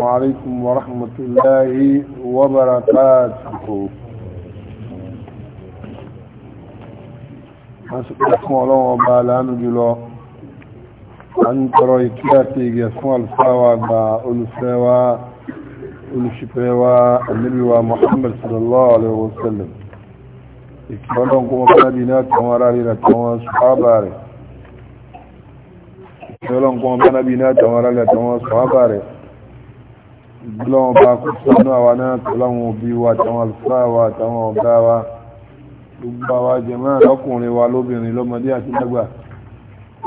السلام عليكم ورحمة الله وبركاته أسألكم الله وبعلا نجلو أن ترى إكياتي يسمى الفاوى بأولفاوى أولشفاوى النبي ومحمد صلى الله عليه وسلم إكيالونكم أبنادينات ومرارينات وصحابة إكيالونكم أبنادينات ومرارينات وصحابة ọlọ́wọ́n bá kú sọ́nú àwa náà tọ́láwọn òbí wa àtàwọn àlùfáà wa àtàwọn ọ̀gá wa gbogbo àwa jẹ̀mọ́ lọ́kùnrin wa lóbìnrin lọ́mọdé àti lágbà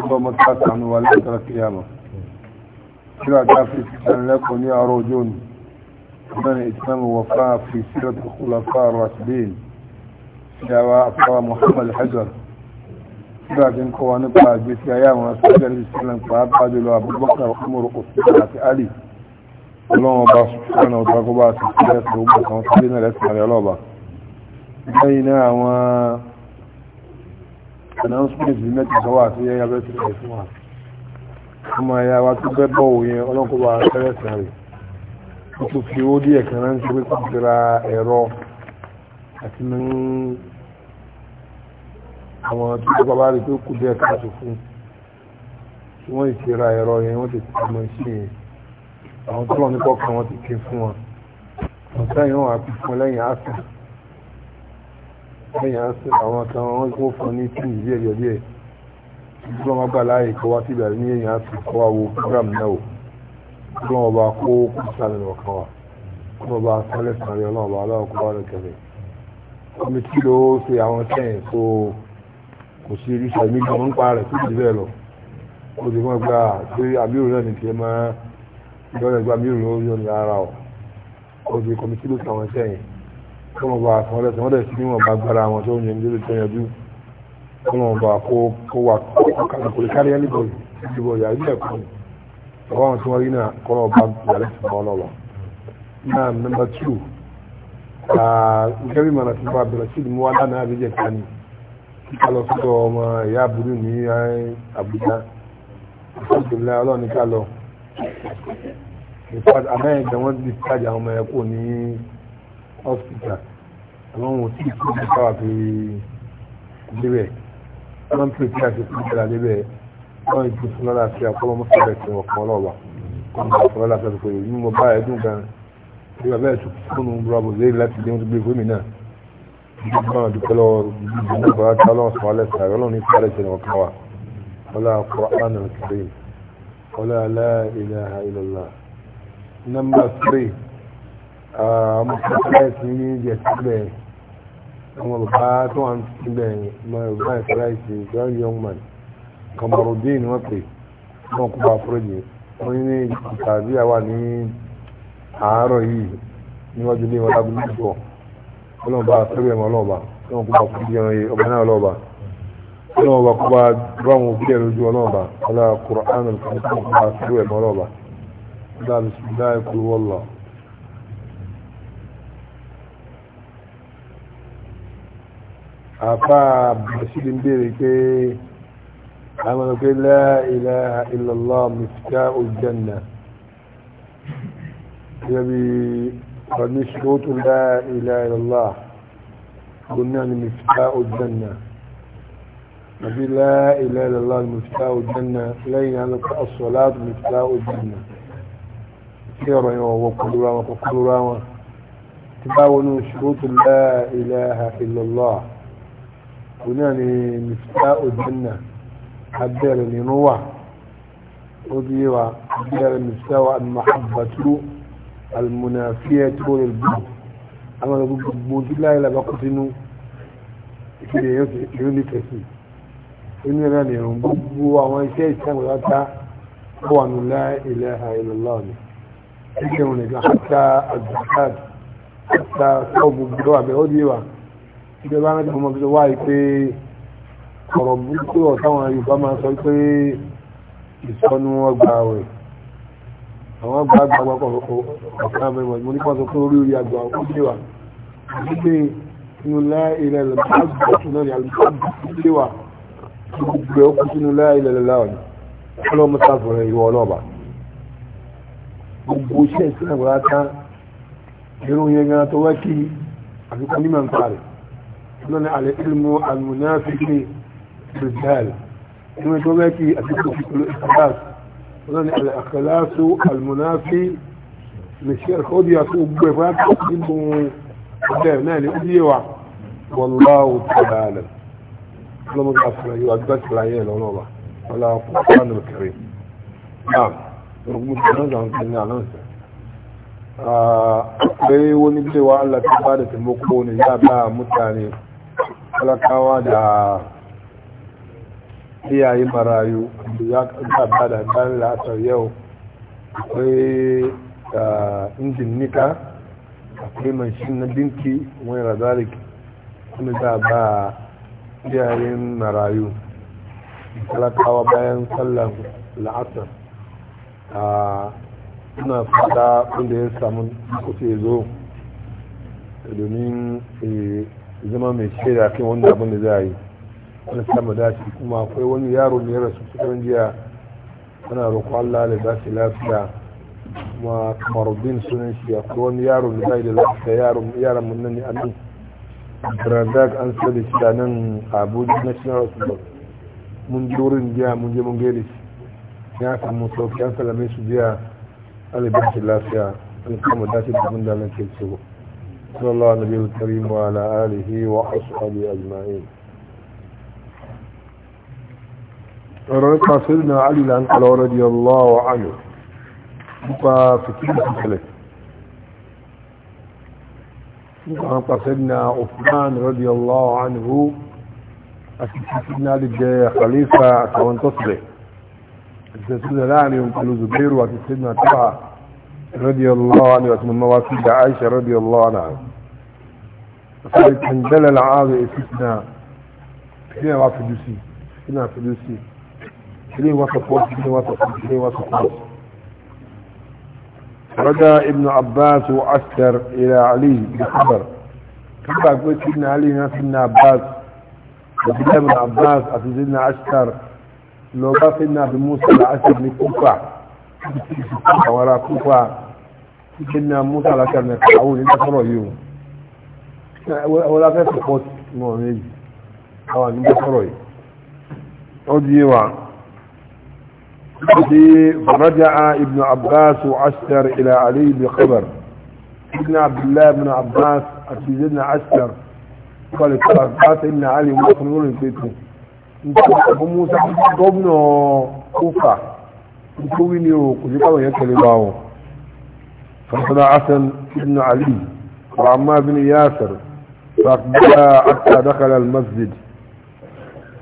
lọ́mọ káàkánú wa lẹ́tọ́rọ kíyàmọ̀ kíra tá fi ìsànlẹ́kọ̀ọ́ ní àárọ̀ ọjọ́ ni ọ̀gbẹ́ni ìsìlámù wà fà fi sílẹ̀ tó kú lọ fà rọ̀ àtìlẹ́yìn ìyàwó afọwà Muhammad Hajar kíra tí ń kọ́ wa nípa àgbésí ayé àwọn asọ́jọ́ ìsìlámù pàápàá jùlọ Abubakar Umar Usman àti Ali ọlọ́wọ́n bá ṣùgbọ́n ọ̀tọ́ kó bá ti sílẹ̀ sí ọgbà kan sílẹ̀ náà lẹ́sìn àrẹ ọlọ́ọ̀bà lẹ́yìn náà àwọn announcement bí mẹ́ta sọ wà sí ẹyà bẹ́ẹ̀ sílẹ̀ fún wa ọmọ ẹ̀yà wa tó bẹ́ bọ̀ òye ọlọ́kọ̀ bá tẹ́lẹ̀ sí àrẹ ó tún fi owó díẹ̀ kan ránṣẹ́ pé kò ti ra ẹ̀rọ àti ní àwọn tó tó bá bá rí pé kò díẹ̀ káàtó fún wọ́n ti ra ẹ̀rọ yẹn wọ́n ti tẹ̀ àwọn tọ́lọ̀ nípa ọkàn wọn ti ké fún wọn ọ̀sẹ́yìn wọn àti fún lẹ́yìn àṣà lẹ́yìn àṣà àwọn kan wọn kó fún ní tí ìdí ẹ̀yọ̀ díẹ̀ tí wọ́n gbà láàyè kó wá síbẹ̀ ní ẹ̀yìn àṣà kó wá wo program náà o kí wọ́n bá kó kó sálẹ̀ lọ kan wa kí wọ́n bá sálẹ̀ sàrẹ̀ ọlọ́run bá aláwọ̀ kó wá lọ kẹfẹ́ kọ́mítì ló ṣe àwọn tẹ́yìn tó kò sí irúṣà ìmí gan ń pa rẹ̀ tó ti bẹ́ẹ̀ lọ kó ti wọ́n gbà pé àbí òun náà ní tiẹ̀ máa ìjọba ìgbà mi rò yọ ní ara ọ òbí kọmitì ló sàwọn iṣẹ́ yẹn kí wọn bá àwọn ọlọsẹ wọn dẹsí níwọn bá gbára wọn tó ń yẹn nílé tó yanjú kí wọn bá kó kó wà kàkàlà kò lè kárí ẹni bọ ìdí bọ yàrá ilé ẹ̀kọ́ ni ọwọ́ àwọn tí wọ́n rí náà kọ́ lọ́ọ́ bá yàrá ìsìn bọ́ lọ́wọ́ náà nọ́mbà two ah, gẹ́gẹ́ bí màá ti bá bẹ̀rẹ̀ sí ìdìmú wàdà náà àbíjẹ kání kíkà lọ sọ́dọ̀ ọmọ ìyá àbúrò ní Àbújá alhamdulillah ọlọ́ọ̀ni ká lọ ìfàdí amẹ́yẹ̀dẹ̀ wọ́n ti ṣáàjì àwọn ọmọ ẹ̀ kò ní hospital àwọn ohun tí ìtú ti káwà pé débẹ̀ wọ́n pè pé àti kú jẹ́ra débẹ̀ wọ́n ti fún lọ́la sí àkọ́lọ́ mọ́tò bẹ̀ tí wọ́n kọ́ lọ́wọ́ wọ́n bá fún lọ́la sí pé ní mo bá ẹ̀dùn gan bí wọ́n bẹ́ẹ̀ tún fún un rọ́bù léyìn láti dé wọ́n gbé gómìn náà nígbà náà dúpẹ́ lọ́wọ́ ìgbìmọ̀ bàbá tí ọlọ́run sọ alẹ́ sàrẹ́ ọlọ́run ní sàrẹ́ jẹ́ wọn káwà ọlá Qur'an al-Karim ọlá la ilaha illallah nọ́mbà 3 uh, ọmọ sẹ́láìsì ní ìjẹ̀ síbẹ̀ ọmọ bàbá tó wà síbẹ̀ ọmọ sẹ́láìsì john youngman Kamarudin wọ́n pè wọ́n kó bá fúrẹ́jì wọ́n ní a àwà ní àárọ̀ yìí níwájú ní ìwọ́n lábúlé ìfọ̀ ọlọ́ọ̀bá sẹ́gbẹ̀ẹ́ mọ́ ọlọ́ọ̀bá wọ́n kó bá fúrẹ́jì ọmọ náà ọlọ́ọ̀bá ọlọ́ọ̀bá kó bá ráwọn òkú ẹ̀rọ ojú ọlọ́ọ̀bá ọlọ́ọ̀bá دارس بداية كل والله أبا بسيط بيرك أمن قل لا إله إلا الله مفتاء الجنة يبي فرنش لا إله إلا الله قلنا مفتاء الجنة نبي لا إله إلا الله مفتاء الجنة لين أنك الصلاة مفتاء الجنة kí ọ̀rọ̀ yẹn ọ̀wọ̀ kọlura wọn kò kọlura wọn ti bá wọnú ṣurutu la ilaha illallah òun náà ni mista ojanna abẹ́rẹ̀ nínú wà ó bí wa abẹ́rẹ̀ mista wa al-mahabbatu al-munafiyatu lil-bughd àwọn ọ̀rọ̀ gbogbo tí láyé làbá kó sínú ìkéde yóò ní tẹ̀sí inú ẹ̀rọ nìyẹn gbogbo àwọn iṣẹ́ ìṣẹ́ ìgbàlá ta ó wà nù la ilaha illallah ni ẹgbẹ̀rún ẹ̀gbẹ̀ àtà àjàkáàdì àtà ọgbọ̀n gbọ́dọ̀ àbẹ̀ ó díwà ìgbẹ́ bá rántí ọmọ bíi wáyé pé ọ̀rọ̀ burúkú ọ̀táwọn Yorùbá máa sọ pé ìsọnù ọgbà rẹ̀ àwọn àgbà àgbà àgbà ọ̀kan àbẹ̀wò mo nípa sọ pé orí orí àgbà ó díwà àdúgbò inú láìlẹ̀ lọ́gbàgbà náà ni àlùfáàgbà ó díwà gbogbo ẹ̀ ó kú sínú láìlẹ̀ lọ́wọ́ ni ọlọ́mọ sáfù rẹ̀ ìwọ ọlọ́ọ̀bà gbogbo iṣẹ́ ìsìnà wọ́n ká irun yẹn gan tó wákì àfikún ní màá ń parẹ̀ lọ́nà alẹ́ ilmu almunafiki rizal inú tó wákì àfikún fipolo ìsìnàs lọ́nà alẹ́ akhlasu almunafi mẹ́ṣẹ́ ọdí àti ogbó ẹ̀fọ́ àti nínú ọdẹ náà ní ọdí yẹwà wallahu ta'ala lọ́mọdé àfúnayé náà rubu nan zan kan na nan sai wani cewa Allah ta ba da taimako ne ya ba mutane talakawa da iyaye marayu da ya ka ba da bayan yau akwai injin nika akwai mashin na dinki wani razarik wani za ba iyayen marayu talakawa bayan sallar la'asar a ina fada wanda ya samu kusa ya zo domin eh, zama mai shaida kan wanda abin da za a yi wani samu dace kuma akwai wani yaro ne ya rasu cikin jiya ana roƙo Allah da dace lafiya kuma kamarudin sunan shi akwai wani yaro da bai da lafiya yaron mun nan ne a nan Brazil an sai da shi a nan Abuja National Hospital mun ji wurin jiya mun je mun gaida shi ya samu sauki an salame su jiya alibashi lafiya an kama dace da abin da nake so sallallahu alaihi wa sallam wa ala alihi wa ashabi ajma'in ọ̀rọ̀ nípa sílùmí àlìlà ń kàlọ́ radiyallahu anhu nípa fìkìlì ìṣẹ̀lẹ̀ nípa nípa sílùmí Uthman radiyallahu anhu àti sílùmí àlìjẹ́ khalifa àtàwọn سيدنا لعلي ومقال زبير وفي سيدنا طبعا رضي الله عنه واسم المواسيدة عائشة رضي الله عنه فقالت من جل العاضي سيدنا كنين وفي دوسي كنين وفي دوسي كنين وصف وصف كنين وصف وصف كنين وصف وصف رجع ابن عباس وأسر إلى علي بخبر كنين وصف ابن علي ناس ابن عباس وفي ابن عباس أفزلنا أسر lọ bá fi náà bí musa làásì ní kúfà àwọn ará kúfà fi náà musa làásì ní káwọn ní dásọ̀rọ̀ yìí o àwọn afẹ́ support mọ̀ méjì àwọn ní dásọ̀rọ̀ yìí ó di yé wa فرجع ابن عباس وعسكر الى علي بخبر ابن عبد الله بن عباس سيدنا عسكر قال ابن علي ومخنون في بيته abu musa gómìnà kúfà nítorí ní o kò sí káwọn èèyàn tẹ̀lé bá wọn fasana hasan ibn ali wa amma bin yasir فأقبل حتى دخل المسجد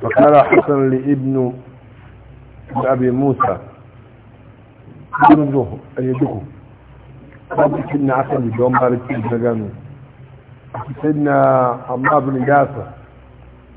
فقال حسن لابن أبي موسى ابن له أن يدكم قد كنا عسل بيوم مالك سيدنا عمار بن ياسر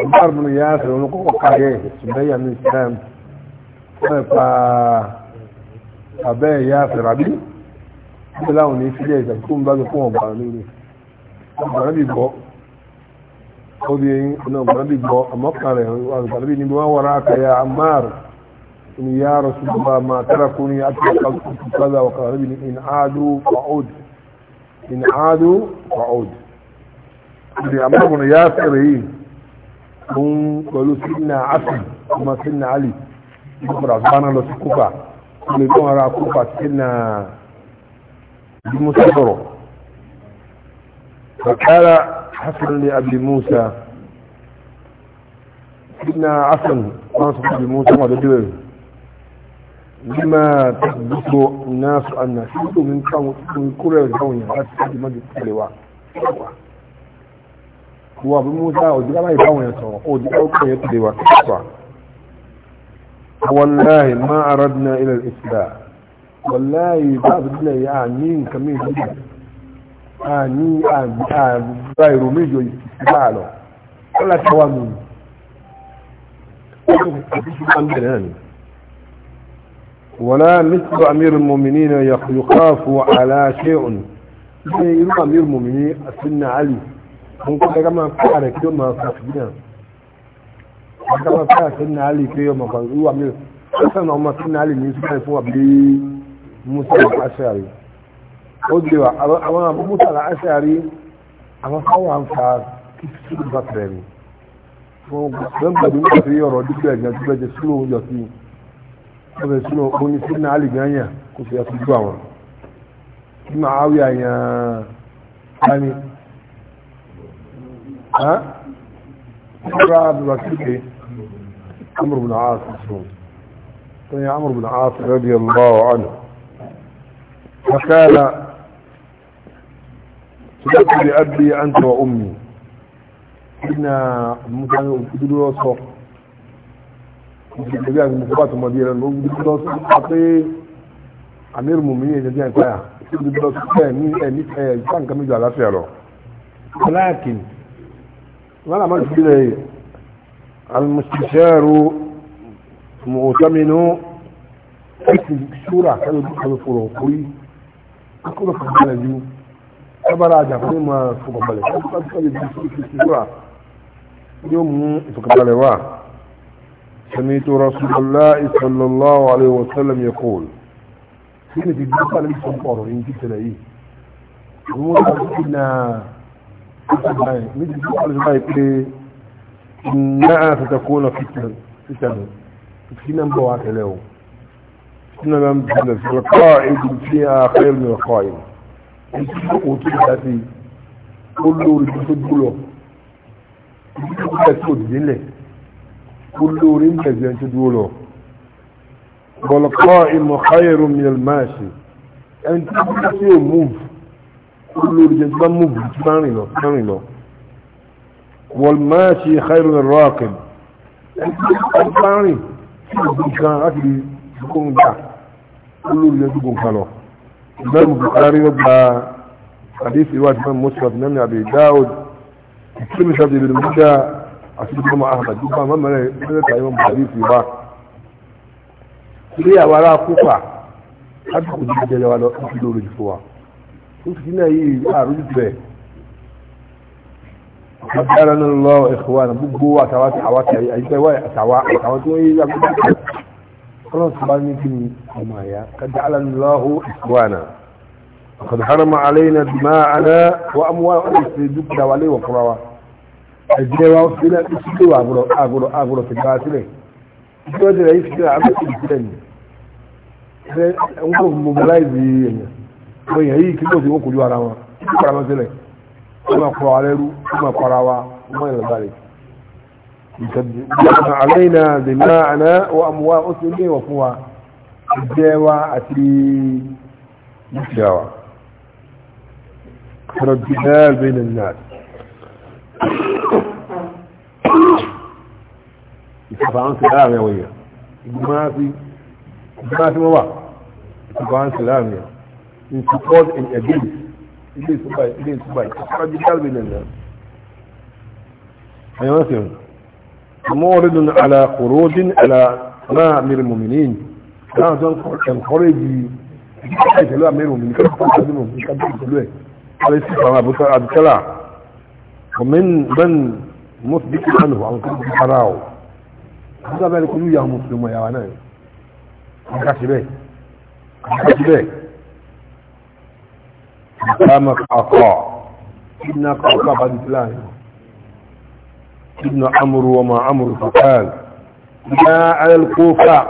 agbára mi yà á sọ̀rọ̀ olùkọ́ kọ̀ọ̀kárẹ̀ ṣùgbẹ́yà ní islam wọ́n pa abẹ́ ìyá àfẹ́ràbí bí láwọn ní sílẹ̀ ìjà tó ń bá lọ fún ọ̀gbà lórí ọ̀gbàlábì gbọ́ ó di eyín ọ̀nà ọ̀gbàlábì gbọ́ àmọ́ kan rẹ̀ ọ̀gbàlábì níbi wọ́n wọ́n rákàyà amáàrù ni yà á rọ̀sùn bàbá máa tẹ́ra kún ní àti ọ̀gbàlábì ọ̀gbàlábì ní in aadu fa'ud in aadu fa'ud. ìdí àmọ́ ọ̀gbọ̀n yà á sẹ̀rẹ̀ yìí òun pẹ̀lú sínà afi ọmọ sínà ali ìgbàgbọ́dà gbáná lọ sí kúfà lè tán ara kúfà sínà bí musa sọ̀rọ̀ bàkàrà hasan ní abi musa sínà hasan wọn sọ fún abi musa wọn dọdọ rẹ lima tàbíkọ náà sọ àná sí ìlú káwọn kúrẹ́ ìdáwọn yàrá sí ìdí mọ́jú kúrẹ́ wa. wọ́n bí mú dá òjì lábáyé báwọn yẹn sọ̀rọ̀ òjì láwọn kọ̀ yẹn tẹ̀lé wa kíkọ́ wallahi ma aradna ila al-isla wallahi ba bi dina ya ni nǹkan mi bi a ni a a ba iru mi jo ba lo wala ta wa mi ولا مثل امير المؤمنين يخاف على شيء يقول امير المؤمنين سيدنا علي mun kuma daga man fara da kiyo ma fasina daga man fara sun na ali kiyo ma ban zuwa min san na ma sun na ali ne su kai fuwa bi musa al-ashari odewa àwọn abu musa al-ashari àwọn sawa an fa kisu ba tremi fún gbẹ̀gbẹ̀dún láti ọ̀rọ̀ dídú ẹ̀gbẹ̀ tó o sínú yọ̀ sí ọbẹ̀ sínú oní sínú alìgbẹ̀yàn kò sì ẹ̀fún jú àwọn nínú àwẹ̀ àyàn ها رأى برسوله عمرو بن عاص مسعود فهي عمرو بن عاص رضي الله عنه فقال صدقت لأبي أنت وأمي إن مثلا أدلوصه ìgbẹ̀bí àti mùsùlùmá tó mọ̀ bí ẹran ló ń dúdú lọ sí pàpé amírùmù mi ní ẹ̀jẹ̀ ní àìsáyà tó dúdú lọ sí ẹ̀ ní ẹ̀ ní ẹ̀ sáǹkà méjì àlàáfíà lọ. aláàkìní ما لا مالك إليه المستشار مؤتمن اسم الشورى كانوا يدخلوا فروقي أقول لك أنا جو أبرا جاكوني ما فوق بالي أقول لك الشورى يوم فوق بالي واه سمعت رسول الله صلى الله عليه وسلم يقول فين في الجبال اللي سنقروا إن جبت لأيه إنها ستكون فتنة فتنة فتنة مبوعة له فتنة مبوعة القائد فيها خير من القائد وتبقى في كل رجل له كل رجل تدوله والقائم خير من الماشي أنت تقول ممشي olórí jẹ tí bá mú bùrù tí bá rìn lọ bá rìn lọ wọ́n máa ṣe xayiru ní rọ́ọ̀kì ẹni bá rìn tí o gbìn kan láti rí gbóhùn dà olórí jẹ tí gbóhùn kan lọ ìbẹ̀rù bukari ló gba hadith iwájú mẹ́rin mọ́sùlá ti mẹ́rin àbí dáwọ́d ìkíni sábẹ̀ ìbẹ̀rù nígbà àti ìbẹ̀rù mọ́ ahmed nígbà mẹ́rin mẹ́rin tàyẹ̀ mọ́ hadith ìwá ilé àwọn ará kópa láti kò ní wa lọ sí lórí ìfowópamọ́ وفتنا يعرض به قدرنا الله إخوانا بقوة تواتي حواتي أي تواي أتواء أتواء خلاص بني كني أمايا قد جعلنا الله إخوانا وقد حرم علينا دماءنا وأموالنا في دكنا ولي وقروا الجوا وسنا إسلوا أقولوا أقولوا أقولوا في الباطل الجوا ده يسكت عبد الإسلام أنكم مبلايزين àwọn èèyàn yìí kí ló ti wọ́n kojú ara wọn kí kọ́ra wọn sílẹ̀ wọ́n máa kọ́ ara ẹrú wọ́n máa kọ́ra wa wọ́n máa yọ̀rọ̀ balẹ̀. ìjọba àlẹ́yìn náà dènà àná wọ́n mú wa ó ti ní ìwọ̀ fún wa ìjẹ́ wa àti dúkìá wa. kọ́rọ̀ bí náà bẹ́ẹ̀ ní náà. ìfọ̀fà ń sọ láàrin àwọn èèyàn ìgbìmọ̀ àti ìgbìmọ̀ àti wọ́n wà ìfọ̀fà láàrin àwọn in support and against ilé ìtúbà ilé ìtúbà ìtúbàjú dálbì nàìjíríà ẹ̀yọ́ sí mọ́ọ̀rìdùn alákòròdín aláàmìrì mòmìnín náà tó ń kọ́rẹ́ bí ìtẹ́lú àmìrì mòmìnín kọ́rẹ́ fún àmìrì mòmìnín kábí ìtẹ́lú ẹ̀ alẹ́ sí fàmà àbúkẹ́lá ọmọin bẹ́ẹ̀ mọ́sibítì ánù àwọn tó ti fara ọ̀ nígbà bẹ́ẹ̀ ni kò ní ìyá mùsùlùmọ̀ yàrá náà قام قعقاع إن قعقاع قد إسلامه ابن أمر وما أمر فقال يا على الكوفة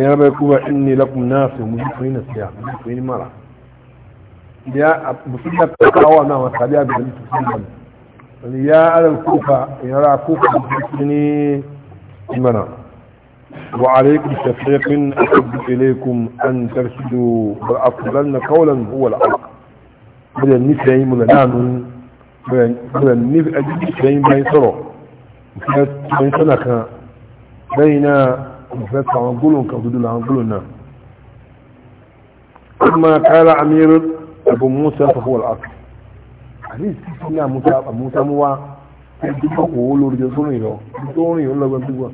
يا رب الكوفة إني لكم ناس مجفرين السياح مجفرين مرة يا بسنة تقاونا وصحبها بجميع تسلم يا على الكوفة يا رب الكوفة مجفرين مرة وعليكم شفيق أحب إليكم أن ترشدوا والأفضل قولا هو الأفضل bẹ́ẹ̀ nífẹ̀ẹ́ yín mo lẹ̀ láàánú bẹ́ẹ̀ nífẹ̀ẹ́ yín báyìí sọ̀rọ̀ ìfẹ́ tọ́yìn sọ́nà kan lẹ́yìn náà ìfẹ́ sọ àwọn gbólóhùn kan dúdú làwọn gbólóhùn náà. kuma kala amir abu musa fahuwal asu àti ìsìnkú ní àmúta mú wá ẹni tó kọ̀ owó lórí jọ sórin lọ tó rìn òun lọ́gbọ́n gbígbọ́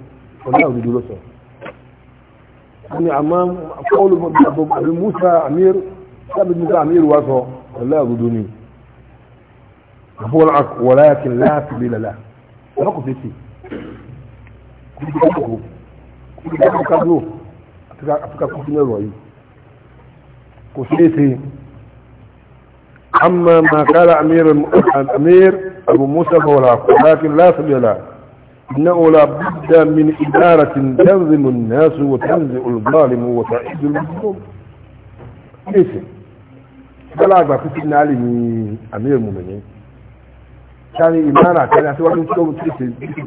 ọ̀nà òdodo ló sọ. ni àmọ́ kọ́ọ̀lù abu لا بدوني أقول عك ولكن لا سبيل له نقف فيه كل كتابه كل كتابه أفكار كتابه الرأي كسيتي أما ما قال أمير الأمير أبو موسى فهو ولكن لا سبيل له إنه لا بد من إدارة تنظم الناس وتنزع الظالم وتعيد المظلوم ليس bọ́lá àgbà fún sí náà lè ní àmì ìmùmìnì sáré ìmára àtẹ́rẹ́ àtiwájú tí ó ti ṣe títò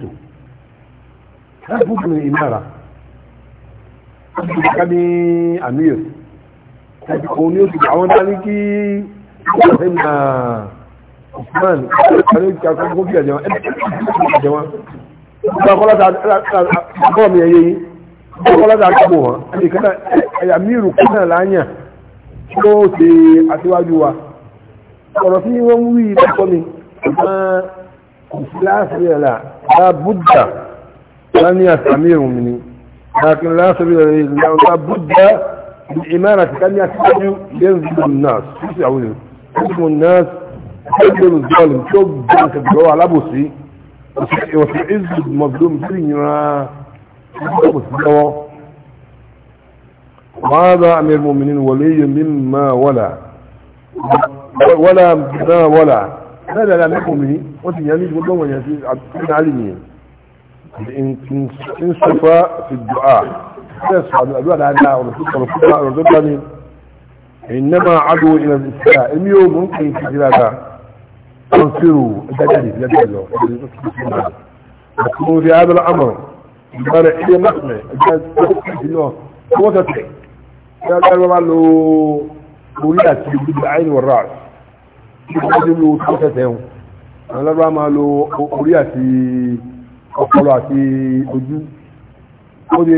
láti fún mi ìmára ká ní àmì ìrù òun ni ó ti àwọn dání kí ọ̀sẹ̀ na Usman àti ìkàkọ́ kó bí àjẹwọ́n ẹni tí ó ti àjẹwọ́n ọkọ̀ mi ẹ̀yẹ yìí ọkọ̀ lọ́ta àkọ́kọ́ wọn ẹni kan náà àmì ìrù kan náà láyàn tó ṣe aṣíwájú wa ọ̀rọ̀ tí wọ́n wí lọ́kọ́ mi máa kò sí láàṣírí ẹ̀là bá búdà bá ní àsàmì ìrùn mi ni láàkín láàṣírí ẹ̀là bá búdà bí ìmára ti ká ní aṣíwájú lẹ́yìn náà sí àwọn ìrùn náà وهذا أمير المؤمنين ولي مما ولا ولا ما ولا هذا لا لا وفي وتجانيج والله يسير عبدالله علمين انصفى في الدعاء يسعى الأدواء لعناء ورسولة ورسولة ورسولة إنما عدوا إلى الإسلاء اليوم ممكن في تجلالا تنصروا الدجالي في الدجالي وكونوا في هذا الأمر بارع إلي مقمع الدجالي في النور وتتعي lọ́wọ́ bá lo orí àti ìdíjú àìní wọ̀rọ̀ rẹ̀ kí wọ́n ti lo sọ́kẹ̀tẹ̀ wọn àwọn lọ́wọ́ máa lo orí àti ọpọlọ àti ojú ó di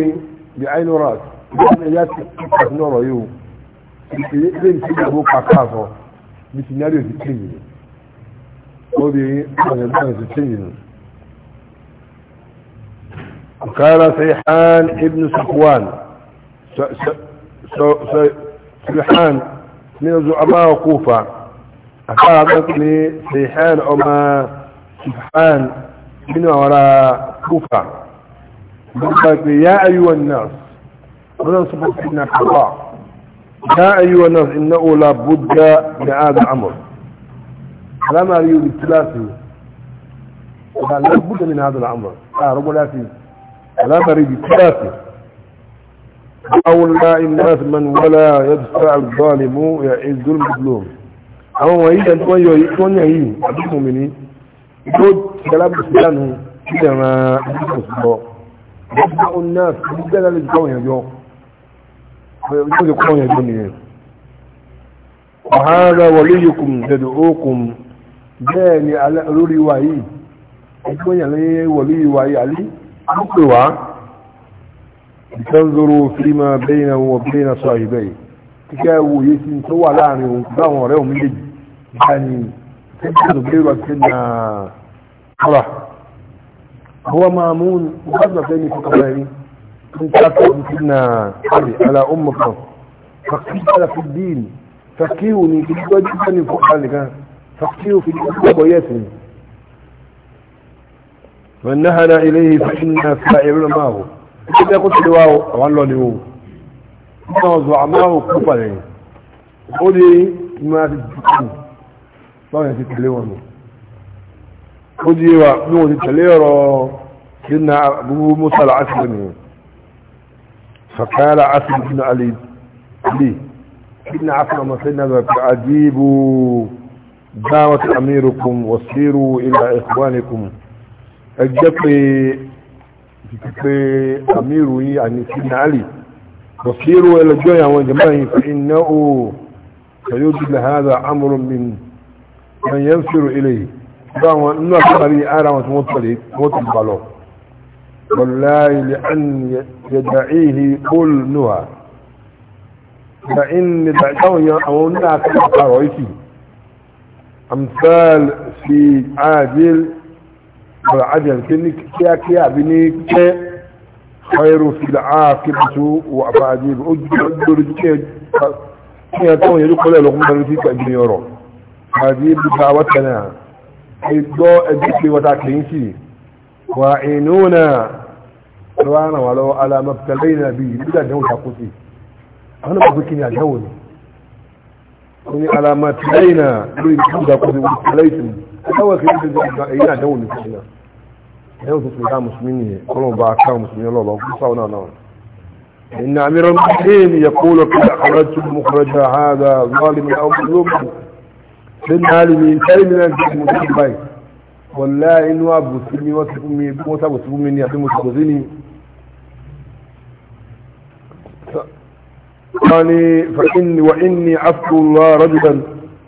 bí àìní wọ̀rọ̀ rẹ̀ ìgbà ẹ̀yà ti kíkà sínú ọ̀rọ̀ yìí o ilé ìṣe ìgbàgbọ́ pàkà sọ bí sinario ti kéyì ni ó di ọ̀yẹ̀ náà ti kéyì ni. قال سيحان ابن صفوان سيحان من زعماء كوفة أخاذتني سيحان أما سيحان من وراء كوفة يا أيها الناس ولن سبحانه الله يا أيها الناس إنه لا بد لهذا الأمر لما يريد الثلاثة لا بد من هذا الأمر آه، لا رب لا فيه لا يريد أولى الناس من ولا يدفع الظالم يعز المظلوم àwọn wọ̀nyí ẹni wọ́n yọ yìí wọ́n yàn yìí àdúgbò mi ní tó galábùsí lánàá nílẹ̀ ran àdúgbò sí lọ nígbà ó náà sí gbẹ́dá lè gbọ́ òyìnbó ọjọ́ lè kọ́ òyìnbó nìyẹn ọ̀hánra wọlé yòókùn dẹ̀dọ̀ òkùn bẹ́ẹ̀ ni olórí wa yìí ẹgbẹ́ yàn lé wọlé wa yìí àlí àlùkò wa تنظروا فيما بينه وبين صاحبيه تكاو يسن سوى لاني وقدام وريه من لج يعني سيدنا زبير وسيدنا فرح هو مامون وقدنا تاني في قبلاني كنت أكتب سيدنا حبي على أم فرح على في الدين فكيوني كنت أجبني فوق ذلك فقيه في الدين ويسن من نهنا إليه فإنا فاعلون معه ìṣe bẹ́ẹ̀ kó tẹ̀lé wa o àwọn lọ ni o nígbà wọn zọ àmọ́ kó pàdé ó ní máa ti dùkú báwọn ti tẹ̀lé wọn ó di wa bí wọn ti tẹ̀lé ọ̀rọ̀ sínú abubu musa al-asiri ni fakala asiri bin ali ali sínú asiri ọmọ sínú abẹ́kọ̀ àdìbò dáwọ́tì amírukum wasiru ila ikhwanikum ẹgbẹ́ pé pé àmírù yí àní sinali bọ̀sírù ẹlẹ́jọ́ àwọn jama yìí fi iná o pẹ̀lú ìdílé hàdà amúrù mi wọ́n yẹn ń fèrò ilé yìí bá wọn nínú àkọ́kọ́rí ara wọn tí wọ́n tọ̀lé wọ́n tún balọ̀ wàláyé lè án yẹ̀dà ìhì kúl nùhà da in ni da táwọn yan àwọn onílà akẹ́kọ̀ọ́ àrọ̀ yìí amsal fi àjẹ́lì ọ̀rọ̀ ajẹ́n kí ní kíákíá àbí ní kẹ́ ọ̀rọ̀ fìlà ákébùtú wà fàájì ó lórí kí ẹ tọ́wọ̀n yẹn kọ́lẹ̀ lọ́kùn bẹ̀rẹ̀ sí pẹ̀lú ọ̀rọ̀ fàájì bùtà wọ́tẹ̀nà ẹgbọ́ ẹgbẹ́ pé wọ́ta kìí sí wà inú náà lọ́wọ́ ràn wà lọ́wọ́ alamọ̀pẹ̀lẹ́ ìrìnà bíi nígbà jẹun takùsì àwọn ọmọ kí ni àjẹwò ni wọ́n ní alamọ̀pẹ̀lẹ́ ìrìnà lórí ìjọba kò sí wọ́n pẹ̀lẹ́ ìsìn ẹgbẹ́ ni fún ẹ̀yọ́ tó sùn ká mùsùlùmí nìyẹn kọ́lọ̀ bá ká mùsùlùmí ọlọ́ọ̀lọ́ fún sáwọn náà náà إن أمير المؤمنين يقول قد أخرجت مخرج هذا ظالم أو مظلوم للعالمين كلمة المتبعين والله إنه أبو سلمي وسلمي وسلمي يحمي مسلمي يعني فإني وإني عفو الله رجلا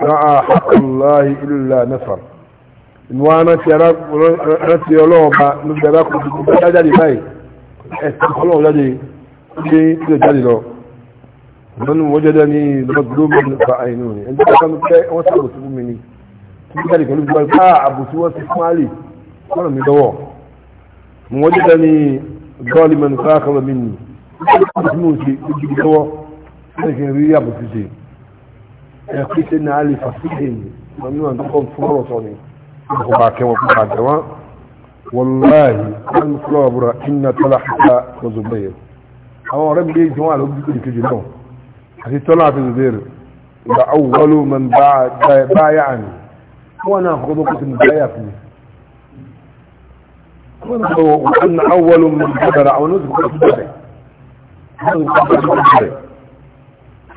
رأى حق الله إلا نفر ìwọ̀n arántí ọlọ́ọ̀ba ló fi ẹ̀rọ kùtù kùtù jáde báyìí ẹ̀sìn ọlọ́ọ̀ jáde ṣe tí ó jáde lọ lọ́nu wọ́n jẹ́jẹ́ ní lọ́gbọ́n nípa àìní rẹ̀ ẹni tí wọ́n fẹ́ wọ́n sì àbòsí fún mi ni tí wọ́n jáde pẹ̀lú gbogbo àgbà ah, àbòsí wọ́n ti fún àlè kọ́nà mi lọ́wọ́ wọ́n jẹ́jẹ́ ní gọ́ọ̀lì mẹ́nu káàkọ́lọ́ mi ni àbòsí mi ò ṣe ojú mi lọ́wọ́ lẹ́yìn kí n rí àbòsí ṣe ẹ̀kú ṣe ní àlè fàṣíkè ni tó kọ́ fún ọ̀rọ̀ sọ ni. وباكي وباكي جوان والله المفلوبرة إن تلحق وزبير أو ربي جوال وبدك جنون حتي طلعت الزبير زبير أول من بايعني وأنا أخذك بايعني وانا أول من قدر أو نزق بدر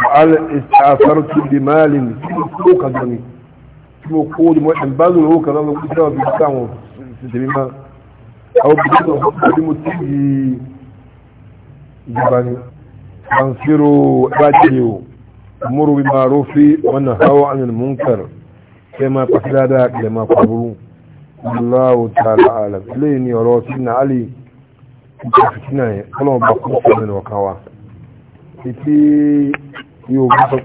وقال استأثرت بمال في فوق الدنيا tí mo kó ní mo ẹ̀ bá lòrò kan lọ́wọ́ kí sọ́ọ̀ fi sí àwọn ìṣẹ̀lẹ̀ máa àwọn obìnrin tó ń bí mo ti di ìjọba ni àǹfírò ẹbájì o múrò bí máa rófí wọn nà háwọ́ àni munkar kẹ máa pàṣẹ dáadáa kẹ máa pàbúrú Allahu ta'ala alam eléyìí ni ọ̀rọ̀ sí na ali ìjọ fìtínà sí ọ̀nà ọ̀kan wa ìtí yóò bá sọ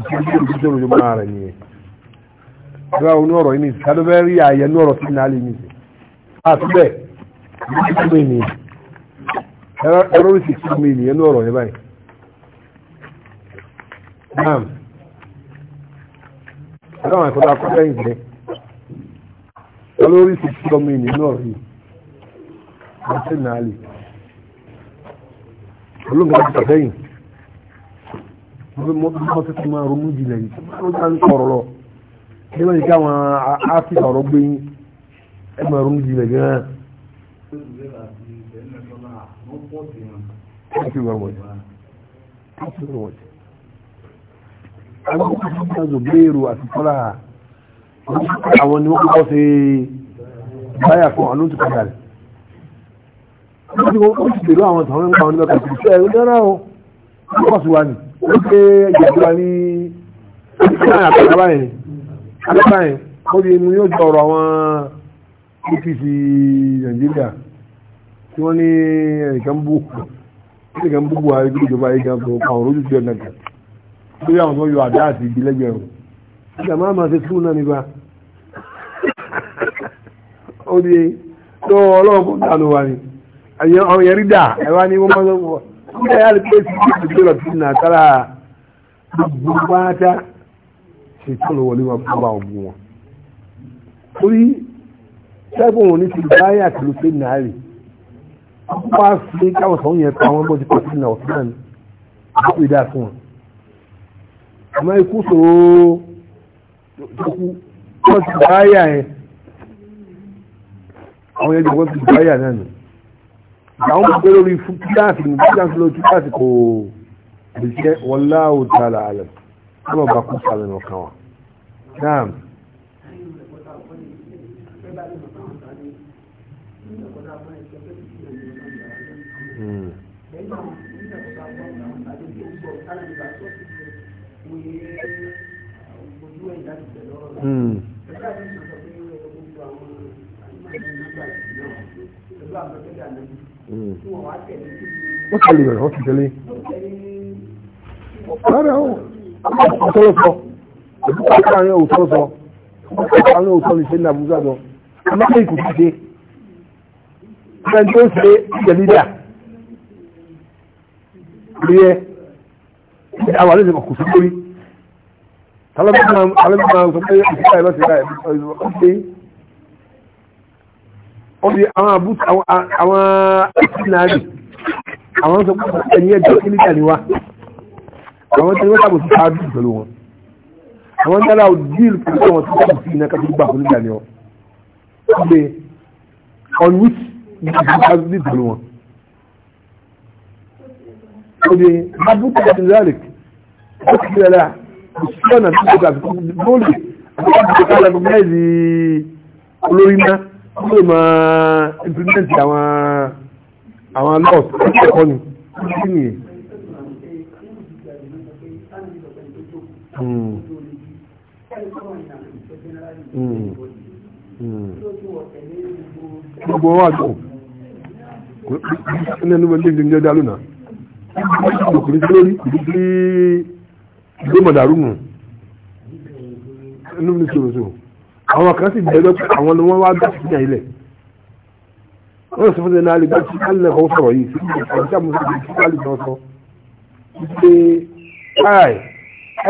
ìṣẹ́jú ìṣẹ́jú ìṣẹ́jú máa rẹ̀ nìyẹn ẹgbẹ́ onú ọ̀rọ̀ yìí nìyí kádó bẹ́ẹ̀ rí ààyè inú ọ̀rọ̀ sínú alẹ́ nìyí àti bẹ́ẹ̀ ìṣẹ́jú ènìyàn ẹ̀rọ ìṣẹ́ ìṣẹ́jú ènìyàn inú ọ̀rọ̀ yẹn báyìí. naam ẹ̀rọ àwọn ẹ̀kọ́ tó mo fẹ́ fi máa ronú jìnlẹ̀ yìí mo máa ń sọ̀rọ̀ lọ ní wọ́n yìí ká àwọn áfíríkà ọ̀rọ̀ gbé yín ẹ máa ronú jìnlẹ̀ gan-an. Thank you very much. Thank you very much. Àwọn akẹ́kọ̀ọ́ Zobeiru àti Fọlá àwọn ni wọ́n kọ́kọ́ ṣe báyà fún àwọn olóòtú padà rẹ̀. Wọ́n ti wọ́n ti bèrè àwọn tàwọn ẹgbẹ́ àwọn oníbàkà sí iṣẹ́ ẹ̀rọ dáná o. Wọ́n kọ́ sí wa ni ó pé ìjọba ní ìpínlẹ̀ àtàkàbà yẹn àtàkàbà yẹn ó di mu yóò jọ ọ̀rọ̀ àwọn apc e nàìjíríà tí wọ́n ní ẹnìkan bú ẹnìkan bú buhari bí ìjọba yìí gan fún ọkàn òrójú sí ọ̀nà kan lórí àwọn tó yọ àdá àti igi lẹ́gbẹ̀rún ìgbà máa ma ṣe tún náà nípa ó di tó ọlọ́run kó dànù wa ni àwọn dà ẹ wá ní wọ́n máa ń sọ kuma ya rike su ke da jira na tara gbogbo mata ṣe tọ́lọ̀ wọlé wọn fún àwọn ọmọ wọn torí sẹ́gun òní ti báyà tí ló pé náírì wọ́n á fi káwọn sọ̀rọ̀ yẹn pa àwọn bọ́jú pàṣẹ náà ọ̀tún náà ní àpò ìdá fún wọn àmọ́ ikú sòrò tó kú wọ́n ti báyà yẹn àwọn yẹn jọ wọ́n ti báyà náà nù àwọn ọmọdé lórí fún kíláàsì ní kíláàsì lórí kíláàsì kò lè jẹ́ wallahu ta'ala alam ọmọ bá kú sàlẹ̀ nìkan wa Mm wọ́n tẹ̀lé rẹ̀ wọ́n ti tẹ̀lé rárá o ọ̀tọ́lọ́ sọ ìbúkọ̀ àárín òótọ́ sọ ìbúkọ̀ àárín òótọ́ ní ṣe ní àbúrò sọ amáyé kò ti ṣe ẹni tó ọdí àwọn àbúta àwọn ìsìnàrí àwọn sọ púpọ̀ ẹ̀yẹ jẹ́ kíníkà níwá àwọn tẹ́lẹ̀ wọ́n sàbòsí sáájú pẹ̀lú wọn àwọn tẹ́lẹ̀ àwọn díìl pẹ̀lú wọn tó sàbòsí iná kàtó gbà fún ìgbà ní ọ ọgbẹ on which you can pass wọn ọdí àbúta ìsìnàrí ó ti rẹ̀ rà ìṣúná tó gbà fún bóòlù àti ìṣúná tó gbà fún olórí náà ó lè máa implement àwọn àwọn laws ẹ̀kọ́ ni kí ni yẹn. gbogbo wọn àjọ ní ẹni wọn ní ọjà lónà ọkùnrin tí lórí ìlú tí ìlú mọ̀dàrú mu ẹnu mi àwọn kan sì bẹ̀rẹ̀ pé àwọn ni wọ́n wá bí sí ilẹ̀ wọ́n sọ fún ẹni alẹ́ gbọ́dọ̀ sí alẹ́ kan sọ̀rọ̀ yìí sí ìgbà mo sọ fún alẹ́ kan sọ wípé káì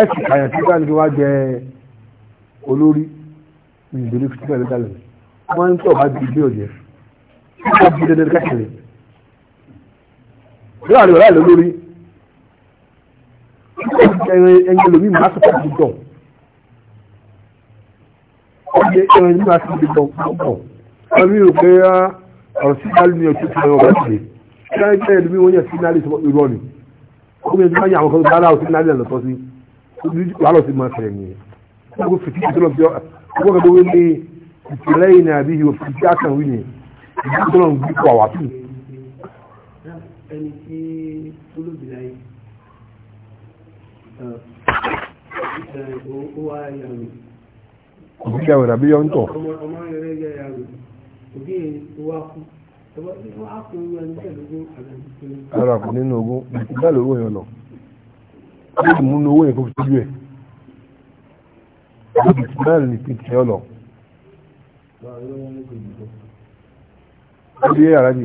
ẹ sì kàyàn sí ká ní kí wá jẹ olórí ìgbèrè fún ìgbà ìdálẹ̀ wọ́n ń tọ̀ bá di ilé ọ̀jẹ̀ wọ́n á di dandan kẹ́kẹ̀lẹ̀ láàrin ọ̀rá ìlú lórí ẹni ẹni ẹlòmíì máa sọ fún ilé ẹran nígbà tí ibi gbọ̀ngbọ̀n ẹbí rò pé ah, ọ̀rọ̀ sí náà ní ọtí fún ọba ìdè ṣé ẹgbẹ́ ẹ̀dùnmí wọ́n yẹ sí náà lè sọ irọ́ ni ó bẹ̀rẹ̀ nígbà yàwọn kan gbára ọtí náà lè lọ́tọ́ sí wàhálà sí máa fẹ̀rẹ̀ nìyẹn ó fìtí ìtọ́lọ́ fi ọgbọ́n kan tó wé ní ìtìlẹ́ ìnà àbí ìwò fìtí àkàn wí ni ìdíkọ́lọ́ ń gbé pọ̀ wàtú. ẹni tí olóbìnrin ó wá yàrá òbí kẹwàá nàbí yọ ń tọ̀. ara kò nínú ogún bẹ́ẹ̀ lówó yẹn lọ bí mo nu owó yẹn kó fi tójú ẹ̀ bí mo náà ní fi tẹ̀ ọ́ lọ. Ebi yẹ yàrá bi,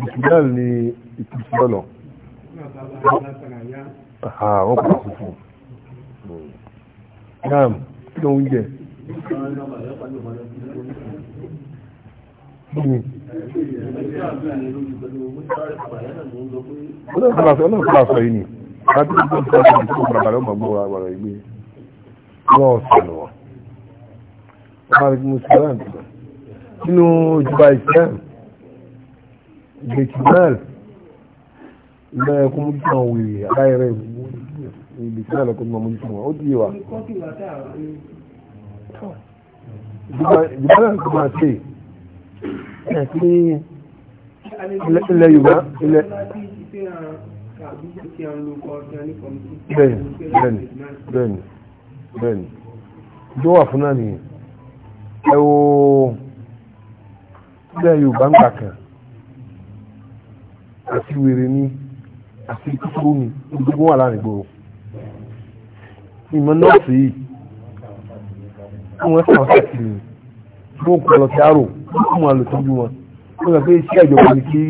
bisimilali ni ìtìsí ọ̀nà. Wọ́n kò fún fún. Yam, kí ló ń jẹ? ọlọ́run kọ́lá sọ yìí ni láti ṣe tó ń sọ ìdíkò pàdàbàrẹ̀ ọmọ gbọ́ àwàrà ìgbé wọ́n sọ̀rọ̀ wọ́n bá rí mú sí láǹtì nínú ìjọba islam ìgbèkìmẹ́l ilẹ̀ ẹkùn mú kí àwọn wèrè aláìrẹ̀ ìgbèkìmẹ́l ẹkùn mú kí àwọn ó dìyẹ wa ìjọba náà kò máa ṣe ẹ̀ sí ilẹ̀ yorùbá ilẹ̀ bẹ́ẹ̀ni bẹ́ẹ̀ni bẹ́ẹ̀ni bẹ́ẹ̀ni tó wà fún náà nìyẹn ẹ wo ilẹ̀ yorùbá ń kàkàn àti wèrè ni àti kúkúrú ni gbogbo wà láàrin gbòòrò ìmọ̀ nọ́ọ̀sì yìí fún wọn sàn fẹ́ẹ̀sì ni fún òkú ọlọ́tí àrò fún wọn lò tọ́jú wọn wọ́n yàn pé iṣẹ́ ìjọba ni kí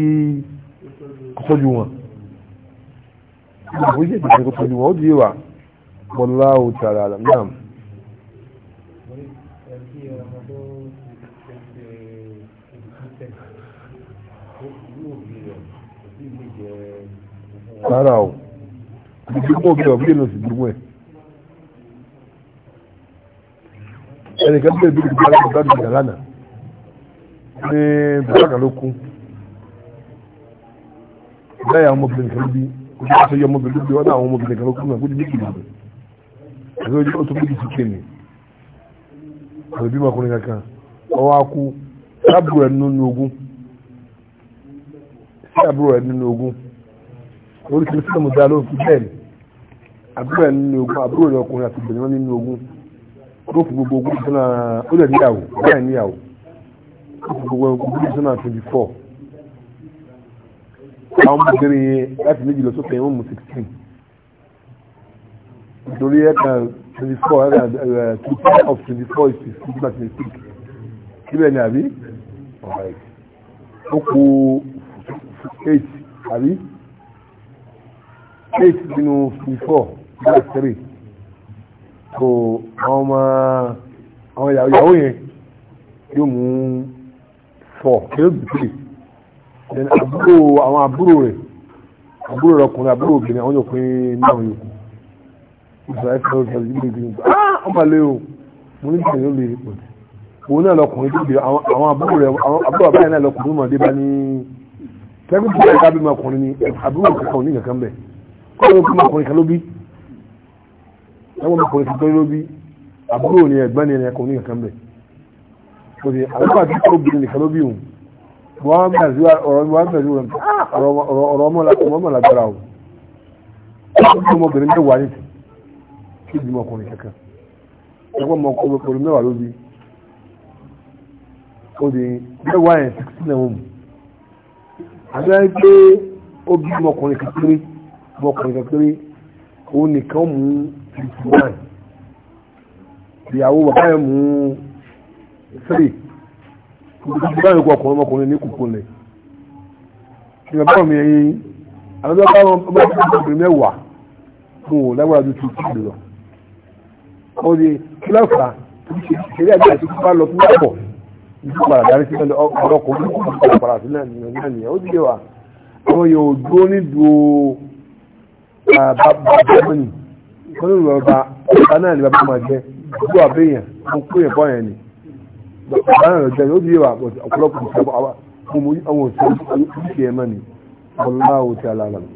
tọ́jú wọn wọ́n yẹ kí tọ́jú wọn ó di wa bọ́lá ò tààrà náà. rárá o ìdílé mọ́ bí ọ̀bí èlò sì dúró ẹ̀. ẹni kan bẹ́ẹ̀ bíi ìgbàlá ìgbàdùn ìgbà lánàá ní bùkátà ló kú bẹ́ẹ̀ àwọn ọmọbìnrin kan bí ojú ọ̀sẹ̀ yọ ọmọbìnrin bí wọ́n náà àwọn ọmọbìnrin kan ló kú náà kó di méjì ìlú àti ojú ọ̀sẹ̀ méjì sí kéènì àti bímọ ọkùnrin kankan ọwọ́ akú sábúrò ẹ̀ nínú ogun sábúrò ẹ̀ nínú ogun oríṣiríṣi náà mo fún bẹ́ẹ̀ àbúrò ẹ̀ nínú ogun àbúrò ẹ̀ ọkùnrin àti obìnrin nínú ogun ó fi gbogbo ogún sọ́nà ó lè níyàwó bẹ́ẹ̀ níyàwó ó fi gbogbo ogún sọ́nà twenty four àwọn ọmọbìnrin yẹn láti méjì lọ sókè wọn mú sixteen nítorí ẹ̀ka twenty four ẹ̀ka two ten of twenty four is sixteen by twenty six síbẹ̀ ni àbí ó kú eight àbí eight nínú twenty four by three so ọmọ àwọn ìyàwó yẹn yóò mú fọ yóò gbèsè then àbúrò àwọn àbúrò rẹ̀ àbúrò rẹ̀ ọkùnrin àbúrò obìnrin àwọn ọkùnrin náà yòókù ìfọwọ́ ẹ̀fọ́ ìfọwọ́ ìgbìmọ̀ ìgbìmọ̀ ah ọmọ àlẹ́ o mo ní ìgbìmọ̀ yóò lè rí pọ̀ òun náà lọkùnrin tó bìí àwọn àbúrò rẹ̀ àbúrò àbáyé náà lọkùnrin mọ̀ débá ní tẹ́gbẹ́ tó yẹ ká bí ọmọkùnrin ni àbúrò kankan ò ní kankan bẹ̀ kọ́ ló kọ́ ọmọkùnrin kan ló bí ẹwọ́n mi kò sí pé lóbi àbúrò ni ẹ̀gbọ́n ni ẹ̀kọ́ ní kankan bẹ̀ kò sí àbúrò àti obìnrin nìkan ló bí òun wọ́n bẹ̀rẹ̀ sí ọ̀rọ̀ ọmọ lágbára o ọmọbìnrin mẹ́wàá ní kí ìbímọ ọkùnrin kankan ẹ̀kọ́ ọmọ ọkùnrin mẹ́wàá ló bí ó di mẹ́wàá yẹn sixteen ẹ̀wọ̀n mu àbẹ́rẹ́ pé ó bí ọmọkùnrin kékeré ọmọkùnrin kékeré òun nìkan mú fifty one ìyàwó bàbá ẹ̀ mú three ìgbà yòókù ọkùnrin ọmọkùnrin ní kùkù lẹ̀ ìgbà báwọn mi yẹn àwọn ọmọ báwọn ọmọ ọmọkùnrin mẹ́wàá fún wọn lágbára ju tuntun lọ wọ́n di kílọ̀fà ìṣẹ̀lẹ̀ àti àti kúpa lọ fún ọ̀pọ̀ ìṣẹ̀lẹ̀ padà darí sí ọ̀dọ̀ ọkùnrin kúkú padà sílẹ̀ nìyẹn ó di wa àwọn yóò dúró nídùú bàbá mi kọ́ ló lọ bá bàbá náà ni bàbá máa jẹ́ gbogbo àbẹ̀yàn mo kó yẹn bọ́ yẹn ni bàbá náà lọ jẹ́ ó di yẹ wà ọ̀pọ̀lọpọ̀ ìṣẹ́ àwọn òṣèlú ìṣẹ́ ẹ̀ mọ́ ni ọlọ́wọ́ ti alálàmù.